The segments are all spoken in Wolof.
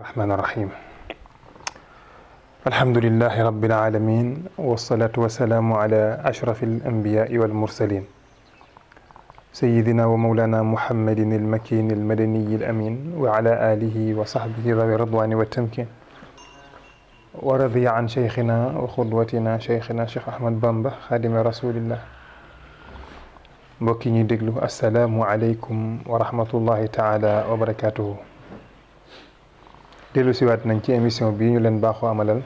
الرحمن الرحيم الحمد لله رب العالمين والصلاة والسلام على أشرف الأنبياء والمرسلين سيدنا ومولانا محمد المكين المدني الأمين وعلى آله وصحبه ذوي الرضوان والتمكين ورضي عن شيخنا وقدوتنا شيخنا شيخ أحمد بامبا خادم رسول الله mbokki ñuy السلام عليكم ورحمة الله تعالى وبركاته dellu siwaat nañ ci émission bi ñu leen baaxoo amalal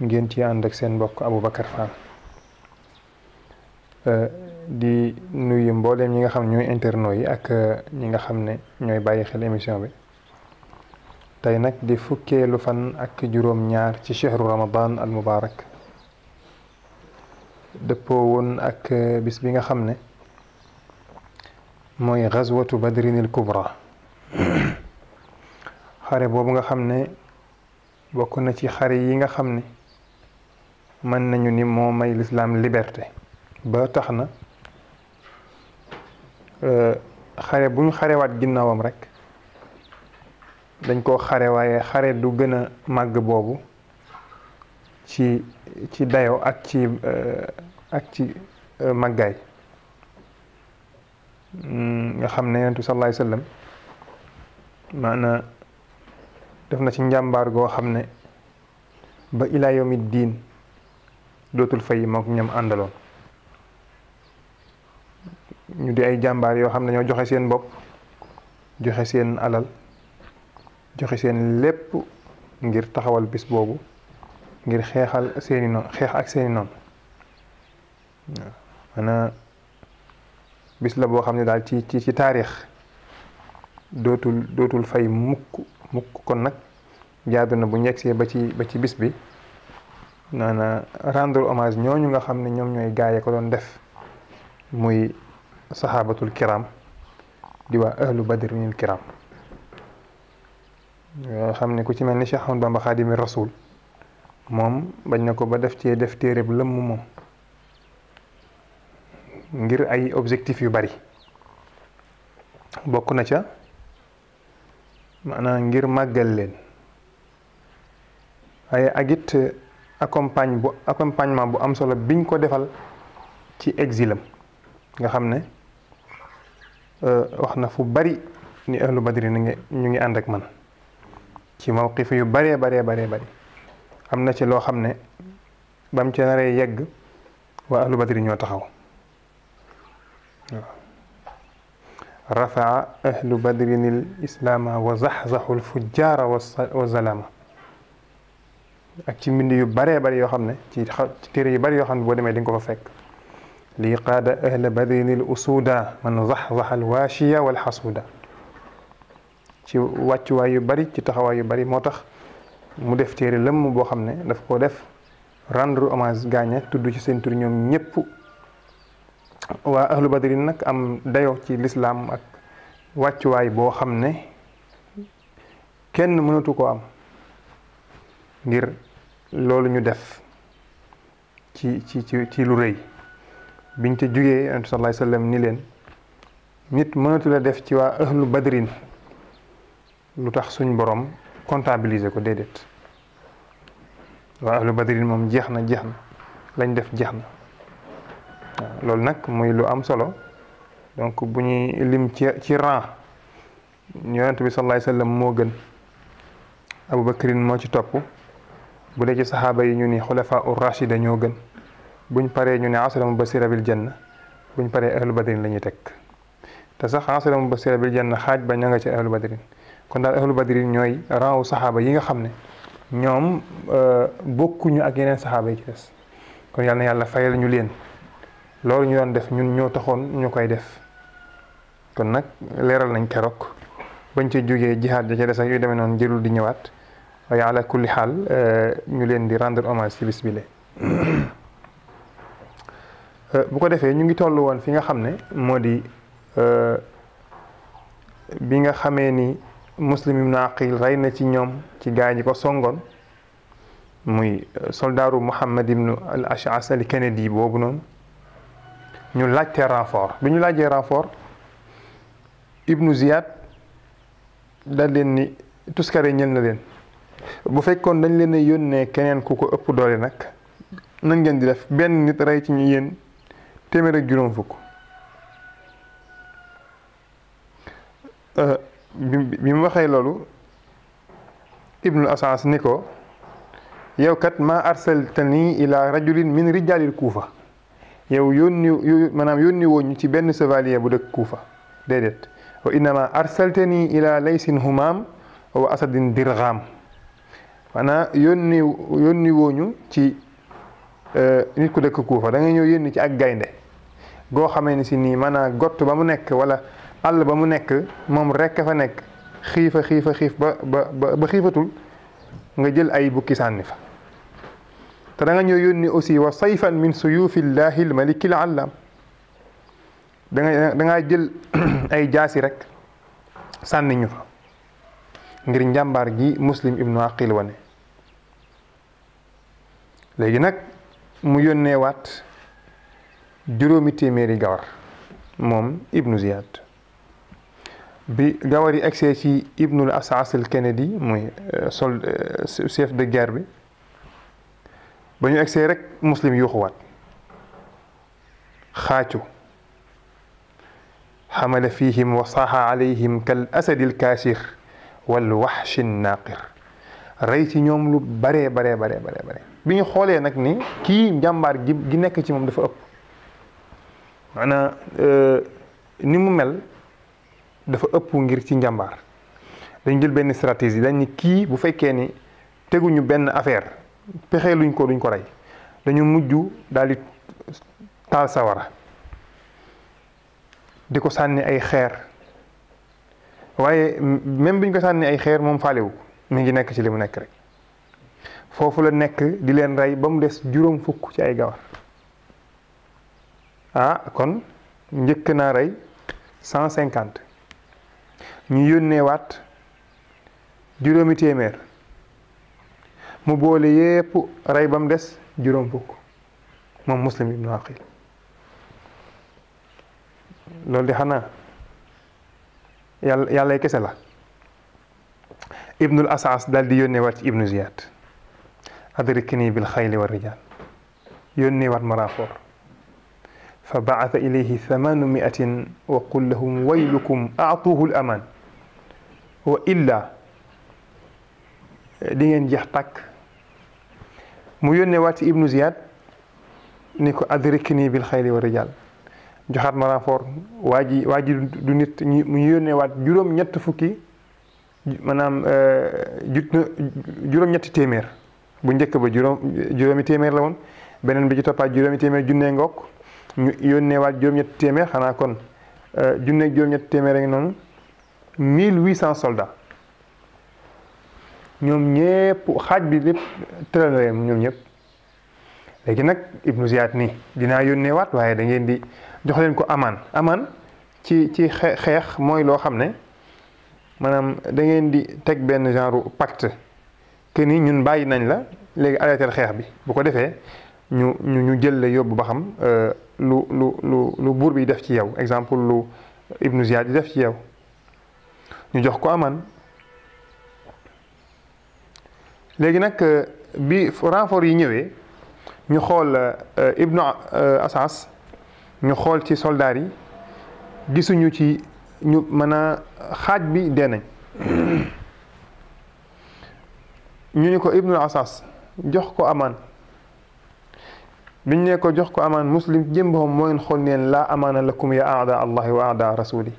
ngeen ci ànd ak seen mbokk Aboubacar Fall di nuyu mbooleem ñi nga xam ñooy internet yi ak ñi nga xam ne ñooy bàyyi xel émission bi tey nag di fukkeelu fan ak juróom ñaar ci chehru ramadan al mubarak dëppoo woon ak bis bi nga xam ne mooy xazwatu badrinil kubra xare boobu nga xam ne bokk na ci xare yi nga xam ne mën nañu ni moo may lislaam liberté ba tax na euh, xare buñ xarewaat ginnaawam rek dañ koo xare waaye xare du gën a màgg boobu ci ci dayo ak ci euh, ak ci euh, màggaay hmm, nga xam ne yonent bi sallallahu alayhi def na ci njàmbaar goo xam ne ba ilaa yawmi diin dootul fay mook ñam àndaloon ñu di ay jàmbaar yoo xam ne ñoo joxe seen bopp joxe seen alal joxe seen lépp ngir taxawal bis boobu ngir xeexal seeni noon xeex ak seeni noon a bis la boo xam ne daal ci ci ci dootul dootul fay mukk mukk kon nag jaadu na bu njegsee ba ci ba ci bis bi naana rendre hommage ñooñu nga xam ne ñoom ñooy gaaye ko doon def muy saxaabatul kiram di waa ahlu badrinil kiram yoo xam ne ku ci mel ni Cheikh Ahmad Bamba Xaadimi moom bañ na ko ba def cee def téere bu lëmm moom ngir ay objectif yu bari bokk na ca mana ngir màggal leen waaye ak it euh, accompagne bu accompagnement bu am solo biñ ko defal ci exilam nga xam ne euh, wax na fu bari ni ahlu badri ni ñu ngi ànd ak man ci mawqif yu baree baree baree bari am na ci loo xam ne bam ci naree yegg waa ahlu badri ñoo taxaw رفع أهل بدر الإسلام وزحزحوا الفجار والظلام ak ci mbind yu baree bari yoo xam ne ci téere yu bari yoo xam ne boo demee di nga ko fa fekk lii qaada ahla badrin al usuda man zaxzax al waashiya wal xasuuda ci wàccuwaay yu bari ci taxawaay yu bari moo tax mu def téere lëmm boo xam ne daf koo def rendre hommage gaañe tudd ci seen tur ñoom ñëpp waa ahlu badrin nag am dayo ci lislaam ak wàccuwaay boo xam ne kenn mënatu ko am ngir loolu ñu def ci ci ci ci lu rëy biñ te jugee yonent sallallahu alayhi ni leen nit mënatu def ci waa ahlu badrin lu tax suñ boroom comptabiliser ko déedéet waa ahlu badrin moom jeex na jeex na lañ def jeex na loolu nag muy lu am solo donc bu ñuy lim ci ci rang yonent bi sallallahu alayhi wasallam moo gën abubakrin moo ci topp bu dee ci saxaaba yi ñu ni xulafa ur rashida ñoo gën buñ paree ñu ne asra mubasira bil janna buñ paree ahlu badrin la ñuy teg te sax asra mubasira bil janna xaaj ba ña nga ci ahlu badrin kon daal ahlu badrin ñooy ran wu saxaaba yi nga xam ne ñoom euh, bokkuñu ak yeneen saxaaba yi ci des kon yàlla na yàlla fayal ñu leen loolu ñu doon def ñun ñoo taxoon ñu koy def kon nag leeral nañ keroog bañ ca jógee jihaad ja ca yu demee noonu jërul di ñëwaat waaye ala kulli xaal euh, ñu leen di rendre hommage ci bis euh, bu ko defee ñu ngi toll woon fi nga xam ne moo di euh, bi nga xamee ni muslim ibn aqil rey na ci ñoom ci gaa yi ko songoon muy soldaaru muhammad ibnu al ashas al kennedy boobu noonu ñu laajte renfort bi ñu laajee renfort ibnu ziyad daal leen ni tuskare ñël na leen bu fekkoon dañ leen a yónnee keneen ku ko ëpp doole nag nan ngeen di def benn nit rey ci ñu yéen téeméer ak juróom fukk euh, bi mu waxee loolu ibnu asans ni ko yow kat ma arsaltani ila rajulin min rijalil kuufa yow yónni maanaam yónni woo ñu ci benn chevalier bu dëkk Kuufa déedéet wa innama arsaltani ila laysin humaam wa asadin dirgham maanaam yónni yónni woo ñu ci eh, nit ku dëkk Kuufa dangay ñëw yónni ci ak gaynde goo xamee ne si nii maanaam gott ba mu nekk wala àll ba mu nekk moom rekk fa nekk xiifa xiifa xiif ba ba ba xiifatul nga jël ay bukki sànni fa te danga nga ñoo aussi wa sayfan min suyufillahi almalikil allam da nga da ngaa jël ay jaasi rek sànni ñu fa ngir njàmbaar gi muslim ibnu aqil wane léegi nag mu yónnee waat juróomi téeméeri gawar moom ibnu ziyad bi gawar yi egsee ci ibnul asas al kennedy muy euh, sol euh, chef de guerre bi بنيو اكسي مسلم يوخوات خاتو حمل فيهم وصاح عليهم كالاسد الكاسر والوحش الناقر ريت نيوم لو بري بري بري بري بري بنيو خولي نك ني كي جامبار جي نيك تي موم دا فا اوب انا ني مو مل دا فا اوب غير تي جامبار دا نجيل بن استراتيجي دا ني كي بو فكيني تيغو ني بن افير pexe luñ ko duñ ko rey dañu mujj daal di taal sawara di ko sànni ay xeer waaye même bi ñu ko sànni ay xeer moom faalewu mi ngi nekk ci li mu nekk rek foofu la nekk di leen rey ba mu des juróom fukk ci ay gawar ah kon njëkk naa rey cent cinquante ñu yónnee waat juróomi téeméer mu boole yépp rey ba mu des juróom fukk moom muslim ibnu aqil loolu di xanaa yàlla yàllay kese la ibnul asas daal di yónnee waat ci ibnu ziyad adrikni bil xayli wa rijal yónnee waat marafor fa baata ilayhi thamanu miatin wa qul lahum waylukum aatuhu l aman wa illa di ngeen jeex tàkk mu yónnee waat ci ibnu ziyad ni ko adrik nii bil xayli wa rijal joxaat ma renfort waa ji waa ji du nit mu yónnee waat juróom ñett fukki maanaam euh, juróom ñetti téeméer bu njëkk ba juróom juróomi téeméer la woon beneen bi ci toppaat juróomi téeméer junnee ngook ñu yónnee waat juróom ñetti téeméer xanaa kon euh, junneeg juróom ñetti téeméer a ngi noonu mille huit cent solda ñoom ñëpp xaaj bi lépp tëral na ñoom ñëpp léegi nag ibnu Ziyaad nii dinaa yónnee waat waaye da ngeen di jox leen ko amaan amaan ci ci xeex mooy loo xam ne maanaam da ngeen di teg benn genre pacte que ni ñun bàyyi nañ la léegi arrêté xeex bi bu ko defee ñu ñu ñu jël la yóbbu ba xam euh, lu lu lu lu buur bi def ci yow exemple lu ibnu Ziyaad di def ci yow ñu jox ko amaan. léegi nag euh, bi renfort yi ñëwee ñu xool euh, Ibnu euh, Asas ñu xool ci soldaar yi gisuñu ci ñu mën a xaaj bi dee nañ ñu ñu ko Ibnu Asas jox ko amaan biñ ne ko jox ko amaan muslim jëm boppam moo ngeen xool neen laa amaana lakum ya aada allahi wa aada rasuli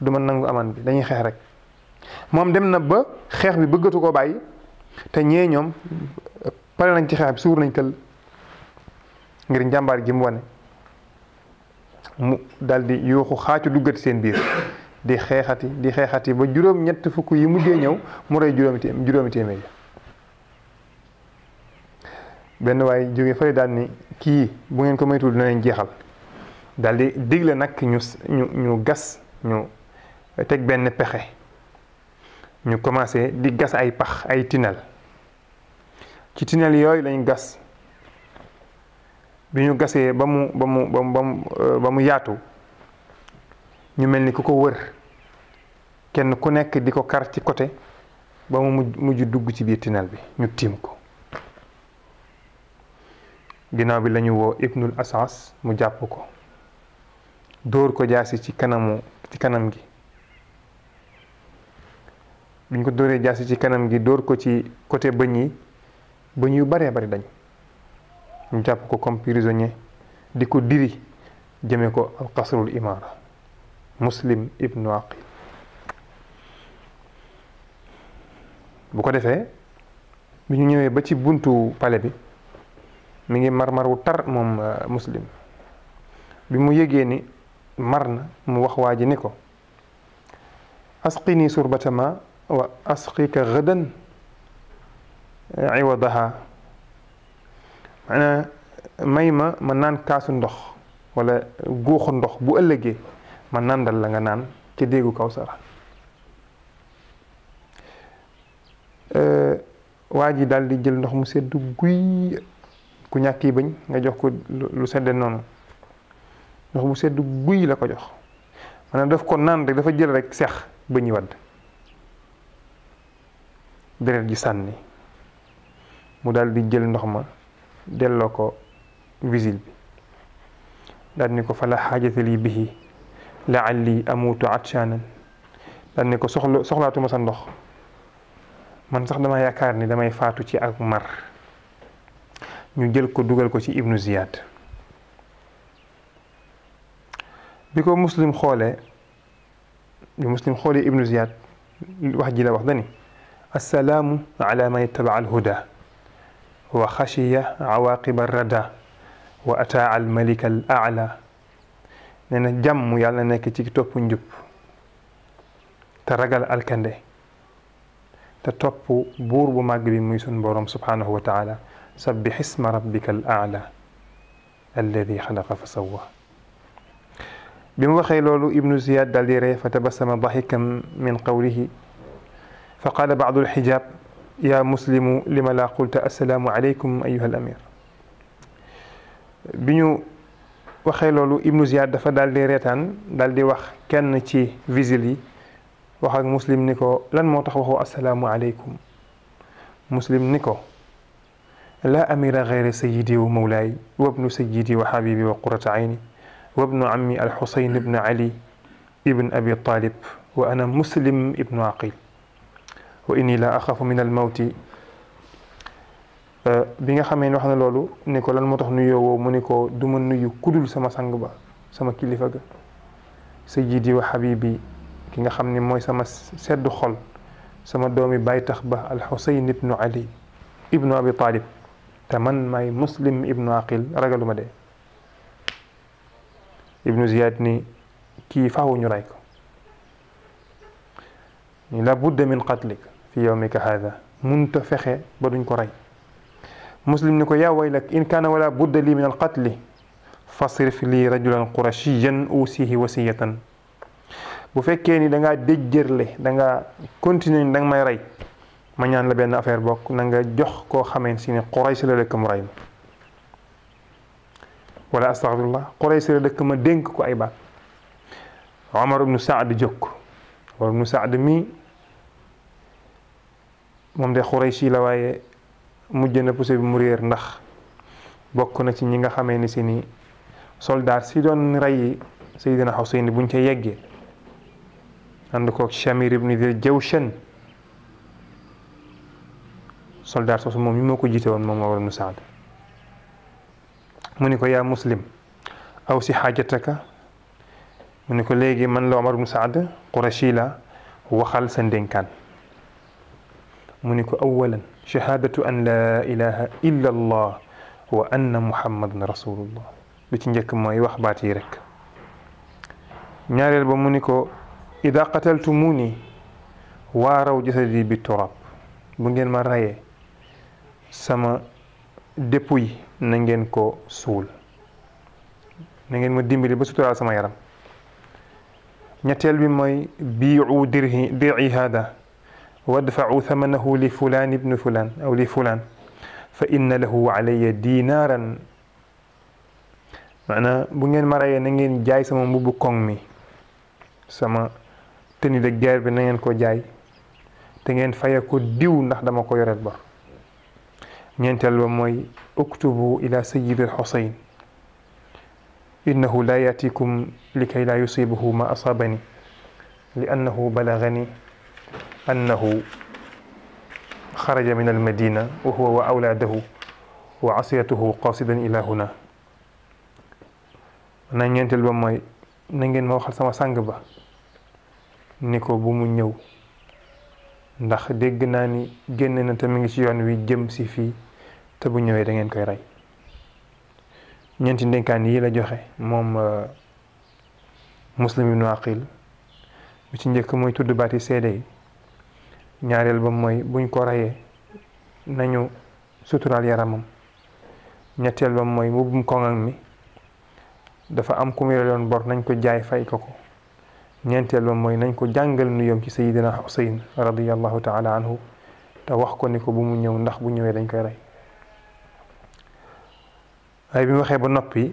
du ma nangu amaan bi dañuy xeex rek moom dem na ba xeex bi bëggatu ko bàyyi te ñee ñoom pare nañ ci xeex bi suur nañ këll ngir njàmbaar gi mu wane mu dal di xaacu duggati seen biir di xeexati di xeexati ba juróom ñett fukk yi mujjee ñëw mu rey juróomi juróomi yi benn waaye jóge fële daal ni kii bu ngeen ko moytuwul dina leen jeexal daal digle nag ñu ñu ñu gas ñu teg benn pexe ñu commencé di gas ay pax ay tinal ci tinal yooyu lañu gas bi ñu gasee ba mu ba mu ba mu euh, ba mu yaatu ñu mel ni ku ko wër kenn ku nekk di ko kar ci côté ba mu mujj dugg ci biir tinal bi ñu tiim ko ginnaaw bi lañu woo ibnul asas mu jàpp ko dóor ko jaasi ci kanamu ci kanam gi bi ñu ko dóoree jaasi ci kanam gi dóor ko ci côté bëñ yi bëñ yu baree bari dañ ñu jàpp ko comme prisonnier di ko diri jëme ko al qasrul imaara muslim ibnu aqil bu ko defee bi ñu ñëwee ba ci buntu pale bi mu ngi mar-mar wu tar moom euh, muslim bi mu yégee ni mar na mu wax waa ji ni ko asqini surbatama wa asqika gadan iwadaha maanaam may ma ma naan kaasu ndox wala góoxu ndox bu ëllëgee ma nàndal la nga naan ci déggu kaw kawsara waa ji dal di jël ndox mu sedd guy ku ñàkk yi bañ nga jox ko lu sedde noonu ndox mu sedd guyy la ko jox ma maanaam daf ko naan rek dafa jël rek seex ba ñuy wadd deret ji sànni mu daal di jël ndox ma delloo ko visil bi daal ni ko fala xaajata lii bihi laalli amuutu atshanan daal ni ko soxla soxlaatuma sa ndox man sax dama yaakaar ni damay faatu ci ak mar ñu jël ko dugal ko ci ibnu ziyad bi ko muslim xoolee bi muslim xoolee ibnu ziyad wax ji la wax dani السلام على من اتبع الهدى وخشي عواقب الردى واتاع الملك الاعلى نانا جام يالا نيك تي توپ نجوب تا رغال الكاندي تا توپ بور بو ماغ بي موي سون بوروم سبحانه وتعالى سبح اسم ربك الاعلى الذي خلق فسوى بما وخي لولو ابن زياد دالي ري فتبسم ضحكا من قوله فقال بعض الحجاب يا مسلم لما لا قلت السلام عليكم أيها الأمير بنيو وخيلولو ابن زياد دفا دال دي ريتان دال دي وخ كان تي فيزيلي وخاك مسلم نيكو لن موتخ وخو السلام عليكم مسلم نيكو لا أمير غير سيدي ومولاي وابن سيدي وحبيبي وقرة عيني وابن عمي الحسين بن علي ابن أبي طالب وأنا مسلم ابن عقيل wa inni la axaafu min al euh, bi nga xamee ni wax na loolu ni ko lan moo tax nuyoo woo mu ni ko du ma nuyu kudul sama sang ba sama kilifa ga sayyidi wa habibi ki nga xam ni mooy sama sedd xol sama doomi bàyyi tax ba al xusayn ibnu ali ibnu abi talib te man maay muslim ibnu aqil ragaluma dee ibnu ziyad ni kii faawu ñu ray ni la budda min qatlik fi yawmika hada munta fexe ba duñ ko rey muslim ni ko yaa waylak in kaana wala budda lii min al qatli fasrif lii rajulan qurashiyan usihi wasiyatan bu fekkee ni da ngaa déjjërle da nga continuer ni da nga may rey ma ñaan la benn affaire bokk na nga jox koo xamee si ne Quraysh la dëkk mu rey ma wala astaghfirullah Quraysh la dëkk ma dénk ko ay baat Omar ibnu Saad jóg Omar ibnu Saad mi moom de Xurayshi la waaye mujj na pousse bi mu ndax bokk na ci ñi nga xamee ni si ni soldaar si doon rey Seydina Xuseyn buñ ca yeggee ànd koog Shamir ibn jëw Jawshan soldaar soosu moom mi moo ko jiite woon moom Umar ibn Saad mu ni ko yaa muslim aw si xaajataka mu ni ko léegi man la Umar ibn Saad Qurashi la waxal sa ndénkaan mu ni ko awalan shahaadatu an laa ilaha illa allah wa anna muhammadan rasulullah bi ci njëkk mooy wax baat yi rek ñaareel ba mu ni ko ida qataltumuni waaraw jasadi bi turab mu ngeen ma rayee sama déppu yi na ngeen ko suul na ngeen ma dimbali ba suturaal sama yaram ñetteel bi mooy biicu dirhi dirci haada wadfa'u thamanahu li fulaan ibni fulaan aw li fulaan fa inna lahu alayya dinaaran maanaam bu ngeen ma rayee na ngeen jaay sama mbubbu koŋ mi sama tenue de guerre bi na ngeen ko jaay te ngeen faye ko diw ndax dama ko yoreel bor ñeenteel ba mooy uktubu ila sayidi alxusayn innahu la yaatikum likay la yusibahu ma asabani li annahu balagani annahu xaraja min almadina wa huwa wa awlaadahu wa asiyatuhu qasidan ila huna na ñeenteel ba mooy nangeen ngeen ma waxal sama sàng ba ni ko bu mu ñëw ndax dégg naa ni génn na te mi ngi ci yoon wi jëm si fii te bu ñëwee da ngeen koy rey ñeenti ndénkaan yi la joxe moom euh, muslim ibnu aqil bu ci njëkk mooy tudd baati seede yi ñaarel ba moy buñ ko rayé nañu sutural yaramam ñettel ba moy mooy mbubbum koŋaŋ mi dafa am ku mu yoon bor nañ ko jaay fay ko ko ñettel ba moy nañ ko jàngal nu yom ci sayyidina husayn radiyallahu taala anhu ta wax ko ni ko bu mu ñëw ndax bu ñewé dañ koy ray ay bi waxé ba nopi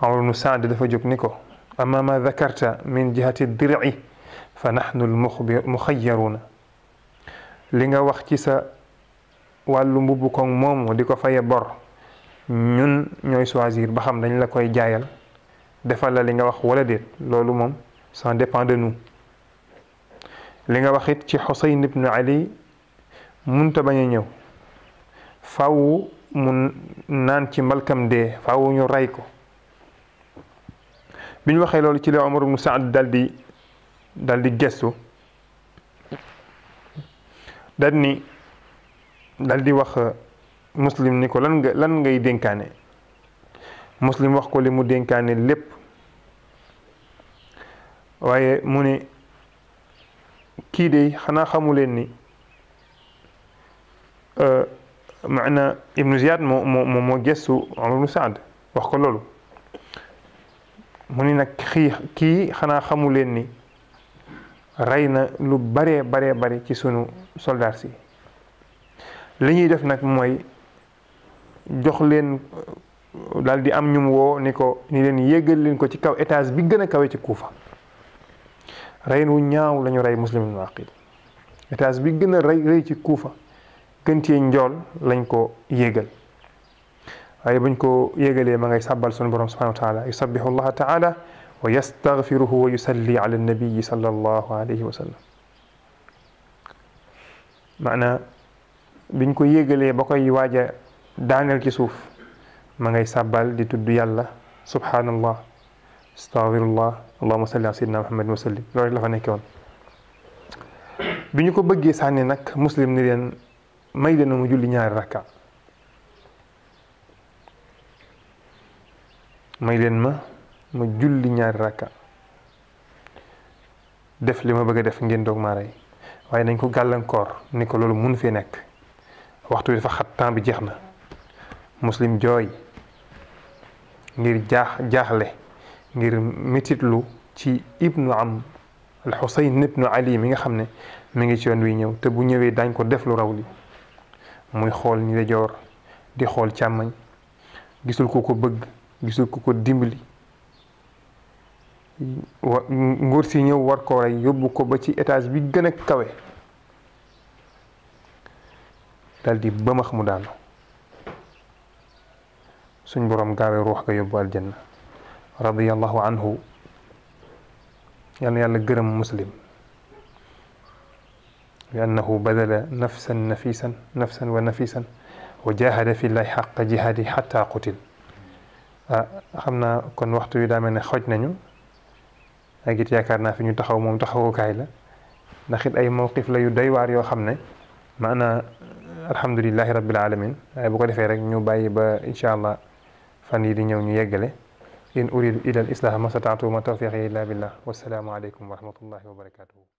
Amru bnu Saad dafa jóg ni ko amma ma dakarta min jihati dirci fa nahnu l na li nga wax ci sa wàllu mbubb koŋ moomu di ko faye bor ñun ñooy choisir ba xam dañ la koy jaayal defal la li nga wax wala déet loolu moom ça dépend de nous li nga wax it ci Xuseyn ibnu Ali munta bañ a ñëw faw mu naan ci mbalkam dee faw ñu rey ko bi waxee loolu ci la Omar ibnu Saad daldi daldi di gestu dal ni daldi wax uh, muslim ni ko lan nga lan ngay dénkaane muslim wax ko li mu dénkaane lépp waaye mu ne kii de xanaa xamuleen ni uh, maana ibnu ziyad moo moo moo gestu wax ko loolu mu ni nag xii kii xanaa xamu leen ni rey na lu baree baree bari ci sunu soldaar si li ñuy def nag mooy jox leen daal am ñum woo ni ko ni leen yégal leen ko ci kaw étage bi gën a kawe ci Kuufa reyin wu ñaaw lañu rey Muslim ibn Aqil étage bi gën a rey rey ci Kuufa gën cee njool lañ ko yégal waaye buñ ko yégalee ma ngay sàbbal sunu borom subhanahu wa taala yusabbihu allah taala ويستغفره ويسلي على النبي صلى الله عليه wasallam maanaam biñ ko yégalee ba koy waaj a daaneel ci suuf ma ngay sàbbal di tudd yàlla subhanallah astahfirullah allahuma salli ala sayyidina muhammadin wa sallim loolu rek la fa nekke woon bi ñu ko bëggee sànni nag muslim ni leen may dana mu julli ñaari rakka may leen ma ma julli ñaari rakka def li ma bëgg def ngeen dog ma ray waye nañ ko gàllankoor ni ko lolu mun fi nek waxtu bi xat temps bi jeexna muslim joy ngir jaax jaaxle ngir mititlu ci ibnu am al husayn ibnu ali mi nga xamne mi ngi ci yoon wi ñew te bu ñewé dañ ko def lu rawli muy xol ni la jor di xol chamagn gisul ko ko bëgg gisul ko ko dimbali ngor si ñëw war ko ray yóbbu ko ba ci étage bi gën a kawe daldi bëmax mu daanu suñ borom gaawé ruh ga yóbbu janna radiyallahu anhu yàlla yàlla gëreem muslim لأنه بذل نفسا نفيسا نفسا ونفيسا وجاهد في الله حق جهاده حتى قتل خمنا كن وقت ah xam naa kon ak it yaakaar naa fi ñu taxaw moom taxawukaay la ndax it ay mawqif la yu doy waar yoo xam ne maanaa alhamdulilahi rabbil alamin waaye bu ko defee rek ñu bàyyi ba incha allah fan yi di ñëw ñu yeggale in uridu ila al islah ma sataatu ma tawfiqi illa billah wasalaamu aleykum wa rahmatullahi wa barakatuhu